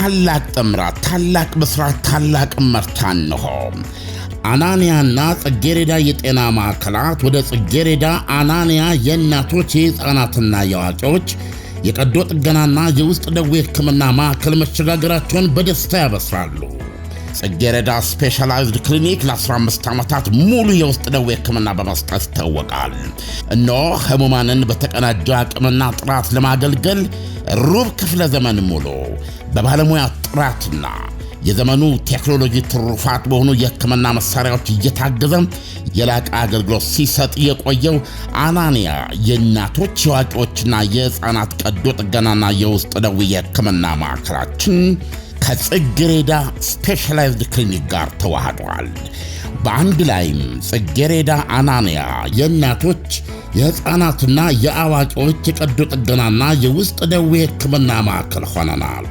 ታላቅ ጥምራት፣ ታላቅ ብስራት፣ ታላቅ መርታ እንሆ አናንያና ጽጌሬዳ የጤና ማዕከላት ወደ ጽጌሬዳ አናንያ የእናቶች የሕፃናትና የአዋቂዎች የቀዶ ጥገናና የውስጥ ደዌ ሕክምና ማዕከል መሸጋገራቸውን በደስታ ያበስራሉ። ጽጌረዳ ስፔሻላይዝድ ክሊኒክ ለ15 ዓመታት ሙሉ የውስጥ ደዌ ሕክምና በመስጠት ይታወቃል። እነሆ ህሙማንን በተቀናጀ አቅምና ጥራት ለማገልገል ሩብ ክፍለ ዘመን ሙሉ በባለሙያ ጥራትና የዘመኑ ቴክኖሎጂ ትሩፋት በሆኑ የህክምና መሳሪያዎች እየታገዘ የላቀ አገልግሎት ሲሰጥ የቆየው አናንያ የእናቶች የዋቂዎችና የህፃናት ቀዶ ጥገናና የውስጥ ደዌ የህክምና ማዕከላችን ከጽጌሬዳ ስፔሻላይዝድ ክሊኒክ ጋር ተዋህደዋል። በአንድ ላይም ጽጌሬዳ አናንያ የእናቶች የሕፃናትና የአዋቂዎች የቀዶ ጥገናና የውስጥ ደዌ ሕክምና ማዕከል ሆነናል።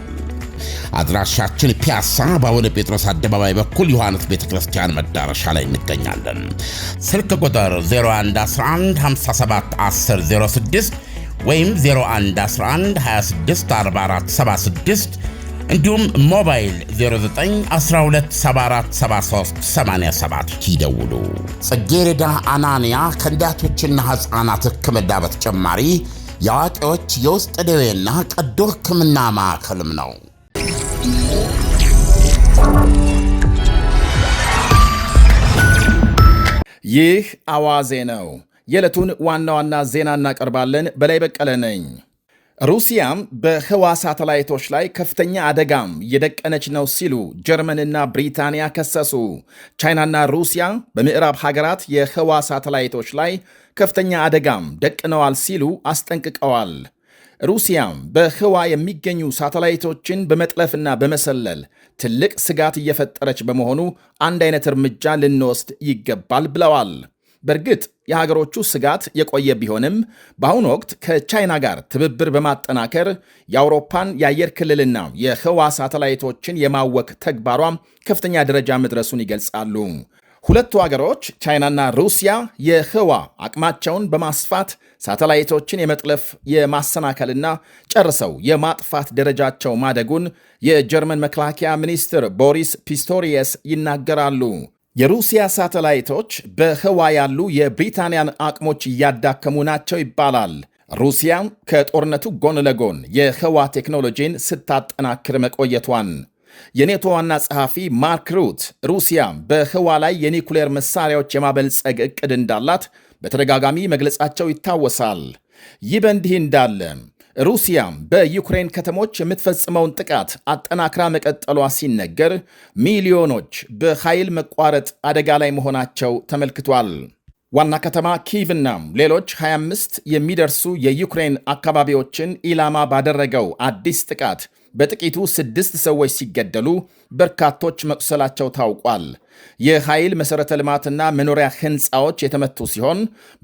አድራሻችን ፒያሳ በአቡነ ጴጥሮስ አደባባይ በኩል ዮሐንስ ቤተ ክርስቲያን መዳረሻ ላይ እንገኛለን። ስልክ ቁጥር 57 0111571006 ወይም 0111264476 እንዲሁም ሞባይል 0912747387 ይደውሉ። ጽጌረዳ አናንያ ከንዳቶችና ሕፃናት ሕክምና በተጨማሪ የአዋቂዎች የውስጥ ደዌና ቀዶ ሕክምና ማዕከልም ነው። ይህ አዋዜ ነው። የዕለቱን ዋና ዋና ዜና እናቀርባለን። በላይ በቀለ ነኝ። ሩሲያም በህዋ ሳተላይቶች ላይ ከፍተኛ አደጋም እየደቀነች ነው ሲሉ ጀርመንና ብሪታንያ ከሰሱ። ቻይናና ሩሲያ በምዕራብ ሀገራት የህዋ ሳተላይቶች ላይ ከፍተኛ አደጋም ደቅነዋል ሲሉ አስጠንቅቀዋል። ሩሲያም በህዋ የሚገኙ ሳተላይቶችን በመጥለፍና በመሰለል ትልቅ ስጋት እየፈጠረች በመሆኑ አንድ አይነት እርምጃ ልንወስድ ይገባል ብለዋል። በእርግጥ የሀገሮቹ ስጋት የቆየ ቢሆንም በአሁኑ ወቅት ከቻይና ጋር ትብብር በማጠናከር የአውሮፓን የአየር ክልልና የህዋ ሳተላይቶችን የማወክ ተግባሯ ከፍተኛ ደረጃ መድረሱን ይገልጻሉ። ሁለቱ አገሮች ቻይናና ሩሲያ የህዋ አቅማቸውን በማስፋት ሳተላይቶችን የመጥለፍ የማሰናከልና ጨርሰው የማጥፋት ደረጃቸው ማደጉን የጀርመን መከላከያ ሚኒስትር ቦሪስ ፒስቶሪየስ ይናገራሉ። የሩሲያ ሳተላይቶች በህዋ ያሉ የብሪታንያን አቅሞች እያዳከሙ ናቸው ይባላል። ሩሲያ ከጦርነቱ ጎን ለጎን የህዋ ቴክኖሎጂን ስታጠናክር መቆየቷን የኔቶ ዋና ጸሐፊ ማርክ ሩት ሩሲያ በህዋ ላይ የኒኩሌር መሳሪያዎች የማበልጸግ እቅድ እንዳላት በተደጋጋሚ መግለጻቸው ይታወሳል። ይህ በእንዲህ እንዳለ ሩሲያ በዩክሬን ከተሞች የምትፈጽመውን ጥቃት አጠናክራ መቀጠሏ ሲነገር ሚሊዮኖች በኃይል መቋረጥ አደጋ ላይ መሆናቸው ተመልክቷል። ዋና ከተማ ኪቭና ሌሎች 25 የሚደርሱ የዩክሬን አካባቢዎችን ኢላማ ባደረገው አዲስ ጥቃት በጥቂቱ ስድስት ሰዎች ሲገደሉ በርካቶች መቁሰላቸው ታውቋል። የኃይል መሠረተ ልማትና መኖሪያ ሕንፃዎች የተመቱ ሲሆን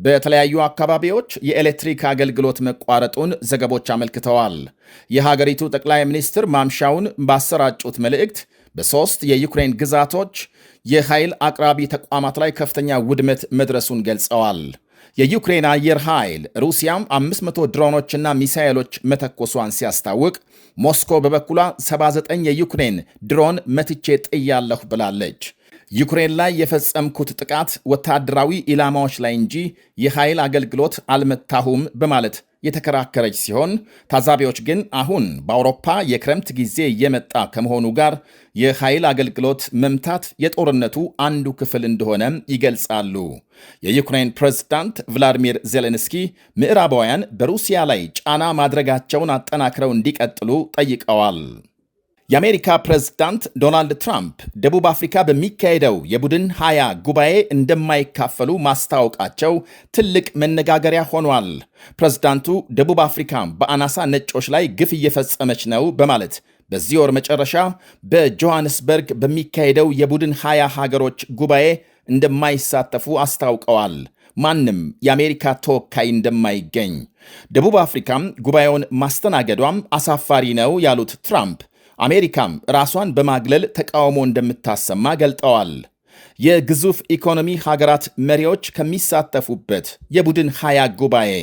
በተለያዩ አካባቢዎች የኤሌክትሪክ አገልግሎት መቋረጡን ዘገቦች አመልክተዋል። የሀገሪቱ ጠቅላይ ሚኒስትር ማምሻውን ባሰራጩት መልእክት በሦስት የዩክሬን ግዛቶች የኃይል አቅራቢ ተቋማት ላይ ከፍተኛ ውድመት መድረሱን ገልጸዋል። የዩክሬን አየር ኃይል ሩሲያም 500 ድሮኖችና ሚሳኤሎች መተኮሷን ሲያስታውቅ ሞስኮ በበኩሏ 79 የዩክሬን ድሮን መትቼ ጥያለሁ ብላለች። ዩክሬን ላይ የፈጸምኩት ጥቃት ወታደራዊ ኢላማዎች ላይ እንጂ የኃይል አገልግሎት አልመታሁም በማለት የተከራከረች ሲሆን ታዛቢዎች ግን አሁን በአውሮፓ የክረምት ጊዜ የመጣ ከመሆኑ ጋር የኃይል አገልግሎት መምታት የጦርነቱ አንዱ ክፍል እንደሆነ ይገልጻሉ። የዩክሬን ፕሬዝዳንት ቭላዲሚር ዜሌንስኪ ምዕራባውያን በሩሲያ ላይ ጫና ማድረጋቸውን አጠናክረው እንዲቀጥሉ ጠይቀዋል። የአሜሪካ ፕሬዝዳንት ዶናልድ ትራምፕ ደቡብ አፍሪካ በሚካሄደው የቡድን ሀያ ጉባኤ እንደማይካፈሉ ማስታወቃቸው ትልቅ መነጋገሪያ ሆኗል። ፕሬዝዳንቱ ደቡብ አፍሪካ በአናሳ ነጮች ላይ ግፍ እየፈጸመች ነው በማለት በዚህ ወር መጨረሻ በጆሃንስበርግ በሚካሄደው የቡድን ሀያ ሀገሮች ጉባኤ እንደማይሳተፉ አስታውቀዋል። ማንም የአሜሪካ ተወካይ እንደማይገኝ፣ ደቡብ አፍሪካም ጉባኤውን ማስተናገዷም አሳፋሪ ነው ያሉት ትራምፕ አሜሪካም ራሷን በማግለል ተቃውሞ እንደምታሰማ ገልጠዋል። የግዙፍ ኢኮኖሚ ሀገራት መሪዎች ከሚሳተፉበት የቡድን ሀያ ጉባኤ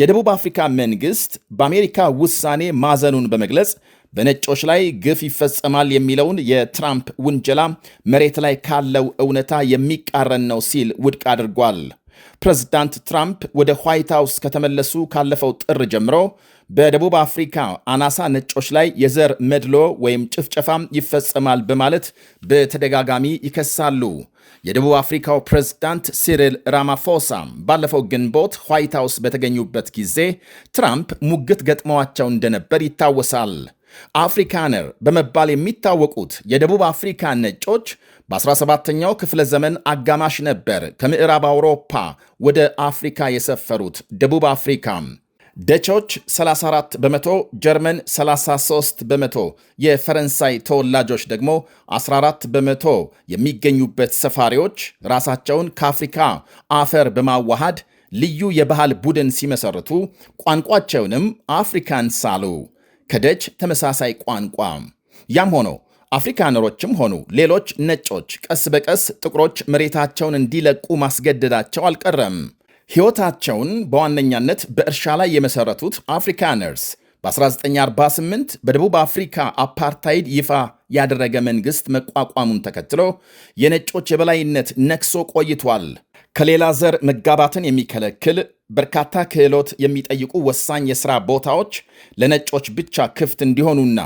የደቡብ አፍሪካ መንግሥት በአሜሪካ ውሳኔ ማዘኑን በመግለጽ በነጮች ላይ ግፍ ይፈጸማል የሚለውን የትራምፕ ውንጀላ መሬት ላይ ካለው እውነታ የሚቃረን ነው ሲል ውድቅ አድርጓል። ፕሬዝዳንት ትራምፕ ወደ ዋይት ሃውስ ከተመለሱ ካለፈው ጥር ጀምሮ በደቡብ አፍሪካ አናሳ ነጮች ላይ የዘር መድሎ ወይም ጭፍጨፋም ይፈጸማል በማለት በተደጋጋሚ ይከሳሉ። የደቡብ አፍሪካው ፕሬዝዳንት ሲሪል ራማፎሳ ባለፈው ግንቦት ዋይት ሃውስ በተገኙበት ጊዜ ትራምፕ ሙግት ገጥመዋቸው እንደነበር ይታወሳል። አፍሪካነር በመባል የሚታወቁት የደቡብ አፍሪካ ነጮች በ17ኛው ክፍለ ዘመን አጋማሽ ነበር ከምዕራብ አውሮፓ ወደ አፍሪካ የሰፈሩት። ደቡብ አፍሪካ ደቾች 34 በመቶ፣ ጀርመን 33 በመቶ፣ የፈረንሳይ ተወላጆች ደግሞ 14 በመቶ የሚገኙበት ሰፋሪዎች ራሳቸውን ከአፍሪካ አፈር በማዋሃድ ልዩ የባህል ቡድን ሲመሰርቱ ቋንቋቸውንም አፍሪካን ሳሉ ከደች ተመሳሳይ ቋንቋ። ያም ሆኖ አፍሪካነሮችም ሆኑ ሌሎች ነጮች ቀስ በቀስ ጥቁሮች መሬታቸውን እንዲለቁ ማስገደዳቸው አልቀረም። ሕይወታቸውን በዋነኛነት በእርሻ ላይ የመሠረቱት አፍሪካነርስ በ1948 በደቡብ አፍሪካ አፓርታይድ ይፋ ያደረገ መንግሥት መቋቋሙን ተከትሎ የነጮች የበላይነት ነክሶ ቆይቷል። ከሌላ ዘር መጋባትን የሚከለክል በርካታ ክህሎት የሚጠይቁ ወሳኝ የሥራ ቦታዎች ለነጮች ብቻ ክፍት እንዲሆኑና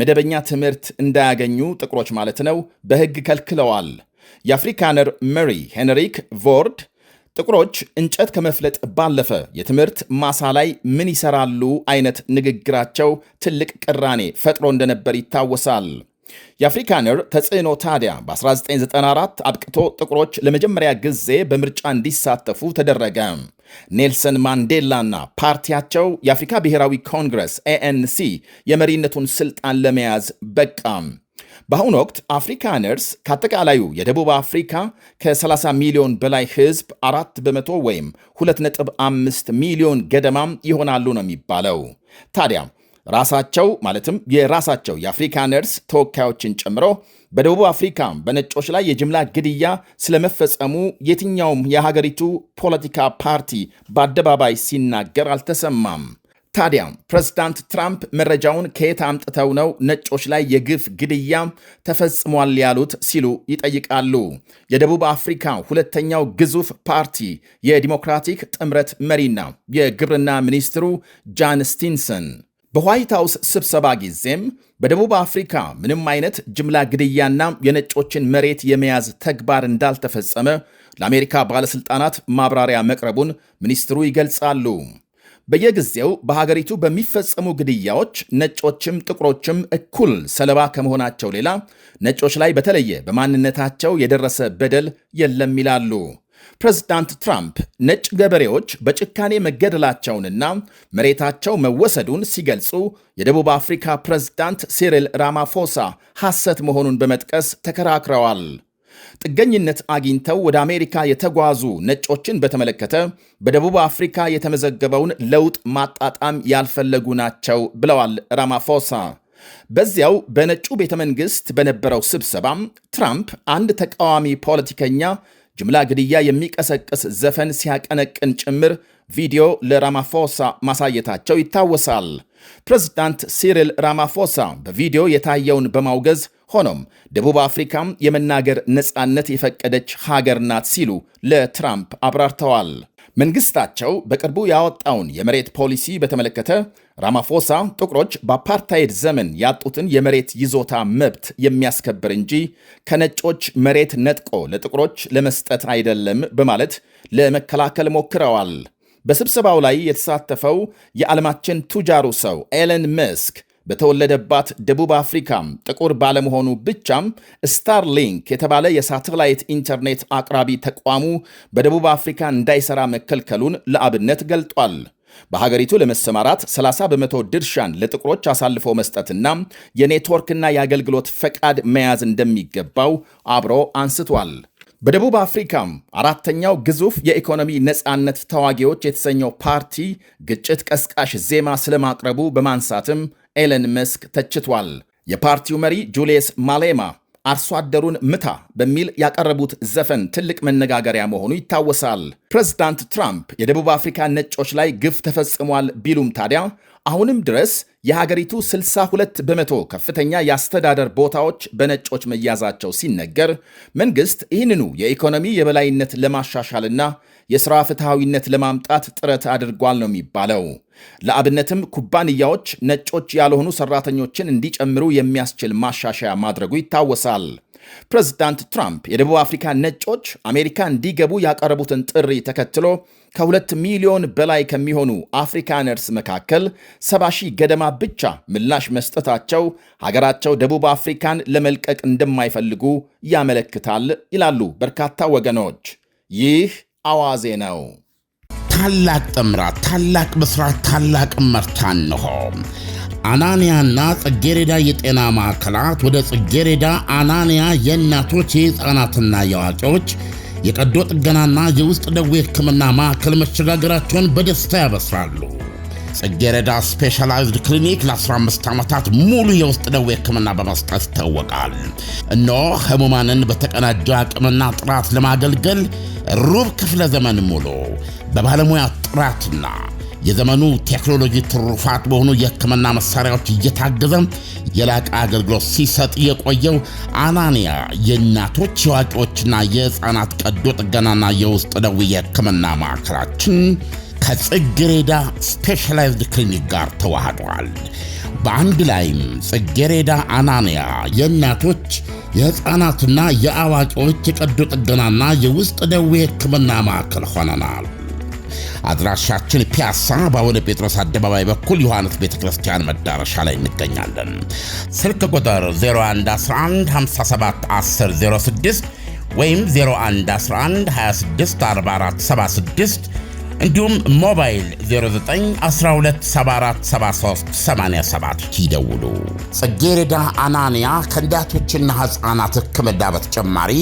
መደበኛ ትምህርት እንዳያገኙ ጥቁሮች ማለት ነው በሕግ ከልክለዋል። የአፍሪካነር መሪ ሄንሪክ ቮርድ ጥቁሮች እንጨት ከመፍለጥ ባለፈ የትምህርት ማሳ ላይ ምን ይሰራሉ አይነት ንግግራቸው ትልቅ ቅራኔ ፈጥሮ እንደነበር ይታወሳል። የአፍሪካ ተጽዕኖ ታዲያ በ1994 አብቅቶ ጥቁሮች ለመጀመሪያ ጊዜ በምርጫ እንዲሳተፉ ተደረገ። ኔልሰን ማንዴላና ፓርቲያቸው የአፍሪካ ብሔራዊ ኮንግረስ ኤኤንሲ የመሪነቱን ስልጣን ለመያዝ በቃም። በአሁኑ ወቅት አፍሪካ ከአጠቃላዩ የደቡብ አፍሪካ ከ30 ሚሊዮን በላይ ህዝብ 4 በመቶ ወይም 2.5 ሚሊዮን ገደማም ይሆናሉ ነው የሚባለው ታዲያ ራሳቸው ማለትም የራሳቸው የአፍሪካ ነርስ ተወካዮችን ጨምሮ በደቡብ አፍሪካ በነጮች ላይ የጅምላ ግድያ ስለመፈጸሙ የትኛውም የሀገሪቱ ፖለቲካ ፓርቲ በአደባባይ ሲናገር አልተሰማም። ታዲያም ፕሬዝዳንት ትራምፕ መረጃውን ከየት አምጥተው ነው ነጮች ላይ የግፍ ግድያ ተፈጽሟል ያሉት ሲሉ ይጠይቃሉ። የደቡብ አፍሪካ ሁለተኛው ግዙፍ ፓርቲ የዲሞክራቲክ ጥምረት መሪና የግብርና ሚኒስትሩ ጃን ስቲንሰን በዋይት ሀውስ ስብሰባ ጊዜም በደቡብ አፍሪካ ምንም አይነት ጅምላ ግድያና የነጮችን መሬት የመያዝ ተግባር እንዳልተፈጸመ ለአሜሪካ ባለሥልጣናት ማብራሪያ መቅረቡን ሚኒስትሩ ይገልጻሉ። በየጊዜው በሀገሪቱ በሚፈጸሙ ግድያዎች ነጮችም ጥቁሮችም እኩል ሰለባ ከመሆናቸው ሌላ ነጮች ላይ በተለየ በማንነታቸው የደረሰ በደል የለም ይላሉ። ፕሬዝዳንት ትራምፕ ነጭ ገበሬዎች በጭካኔ መገደላቸውንና መሬታቸው መወሰዱን ሲገልጹ የደቡብ አፍሪካ ፕሬዝዳንት ሲሪል ራማፎሳ ሐሰት መሆኑን በመጥቀስ ተከራክረዋል። ጥገኝነት አግኝተው ወደ አሜሪካ የተጓዙ ነጮችን በተመለከተ በደቡብ አፍሪካ የተመዘገበውን ለውጥ ማጣጣም ያልፈለጉ ናቸው ብለዋል ራማፎሳ። በዚያው በነጩ ቤተ መንግሥት በነበረው ስብሰባም ትራምፕ አንድ ተቃዋሚ ፖለቲከኛ ጅምላ ግድያ የሚቀሰቅስ ዘፈን ሲያቀነቅን ጭምር ቪዲዮ ለራማፎሳ ማሳየታቸው ይታወሳል። ፕሬዝዳንት ሲሪል ራማፎሳ በቪዲዮ የታየውን በማውገዝ ሆኖም ደቡብ አፍሪካም የመናገር ነፃነት የፈቀደች ሀገር ናት ሲሉ ለትራምፕ አብራርተዋል። መንግስታቸው በቅርቡ ያወጣውን የመሬት ፖሊሲ በተመለከተ ራማፎሳ ጥቁሮች በአፓርታይድ ዘመን ያጡትን የመሬት ይዞታ መብት የሚያስከብር እንጂ ከነጮች መሬት ነጥቆ ለጥቁሮች ለመስጠት አይደለም በማለት ለመከላከል ሞክረዋል። በስብሰባው ላይ የተሳተፈው የዓለማችን ቱጃሩ ሰው ኤለን መስክ በተወለደባት ደቡብ አፍሪካም ጥቁር ባለመሆኑ ብቻም ስታርሊንክ የተባለ የሳተላይት ኢንተርኔት አቅራቢ ተቋሙ በደቡብ አፍሪካ እንዳይሰራ መከልከሉን ለአብነት ገልጧል። በሀገሪቱ ለመሰማራት 30 በመቶ ድርሻን ለጥቁሮች አሳልፎ መስጠትና የኔትወርክና የአገልግሎት ፈቃድ መያዝ እንደሚገባው አብሮ አንስቷል። በደቡብ አፍሪካም አራተኛው ግዙፍ የኢኮኖሚ ነፃነት ተዋጊዎች የተሰኘው ፓርቲ ግጭት ቀስቃሽ ዜማ ስለማቅረቡ በማንሳትም ኤለን መስክ ተችቷል። የፓርቲው መሪ ጁልየስ ማሌማ አርሶ አደሩን ምታ በሚል ያቀረቡት ዘፈን ትልቅ መነጋገሪያ መሆኑ ይታወሳል። ፕሬዝዳንት ትራምፕ የደቡብ አፍሪካ ነጮች ላይ ግፍ ተፈጽሟል ቢሉም ታዲያ አሁንም ድረስ የሀገሪቱ 62 በመቶ ከፍተኛ የአስተዳደር ቦታዎች በነጮች መያዛቸው ሲነገር መንግስት ይህንኑ የኢኮኖሚ የበላይነት ለማሻሻልና የሥራ ፍትሐዊነት ለማምጣት ጥረት አድርጓል ነው የሚባለው። ለአብነትም ኩባንያዎች ነጮች ያልሆኑ ሰራተኞችን እንዲጨምሩ የሚያስችል ማሻሻያ ማድረጉ ይታወሳል። ፕሬዚዳንት ትራምፕ የደቡብ አፍሪካ ነጮች አሜሪካ እንዲገቡ ያቀረቡትን ጥሪ ተከትሎ ከሁለት ሚሊዮን በላይ ከሚሆኑ አፍሪካነርስ መካከል ሰባ ሺህ ገደማ ብቻ ምላሽ መስጠታቸው ሀገራቸው ደቡብ አፍሪካን ለመልቀቅ እንደማይፈልጉ ያመለክታል ይላሉ በርካታ ወገኖች። ይህ አዋዜ ነው። ታላቅ ጥምራት፣ ታላቅ ምስራት፣ ታላቅ እመርታ እንሆ አናንያና ጽጌሬዳ የጤና ማዕከላት ወደ ጽጌሬዳ አናንያ የእናቶች የሕፃናትና የአዋቂዎች የቀዶ ጥገናና የውስጥ ደዌ ሕክምና ማዕከል መሸጋገራቸውን በደስታ ያበስራሉ። ጽጌረዳ ስፔሻላይዝድ ክሊኒክ ለ15 ዓመታት ሙሉ የውስጥ ደዌ ሕክምና በመስጠት ይታወቃል። እነሆ ህሙማንን በተቀናጀ አቅምና ጥራት ለማገልገል ሩብ ክፍለ ዘመን ሙሉ በባለሙያ ጥራትና የዘመኑ ቴክኖሎጂ ትሩፋት በሆኑ የሕክምና መሳሪያዎች እየታገዘ የላቀ አገልግሎት ሲሰጥ የቆየው አናንያ የእናቶች የአዋቂዎችና የሕፃናት ቀዶ ጥገናና የውስጥ ደዌ የሕክምና ማዕከላችን ከጽጌሬዳ ስፔሻላይዝድ ክሊኒክ ጋር ተዋህደዋል። በአንድ ላይም ጽጌሬዳ አናንያ የእናቶች የሕፃናትና የአዋቂዎች የቀዶ ጥገናና የውስጥ ደዌ ሕክምና ማዕከል ሆነናል። አድራሻችን ፒያሳ በአቡነ ጴጥሮስ አደባባይ በኩል ዮሐንስ ቤተ ክርስቲያን መዳረሻ ላይ እንገኛለን። ስልክ ቁጥር 0111571006 ወይም 0111264476 እንዲሁም ሞባይል 0912747387 ይደውሉ። ጽጌረዳ አናንያ ከንዳቶችና ሕፃናት ሕክምና በተጨማሪ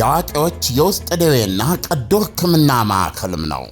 የአዋቂዎች የውስጥ ደዌና ቀዶ ሕክምና ማዕከልም ነው።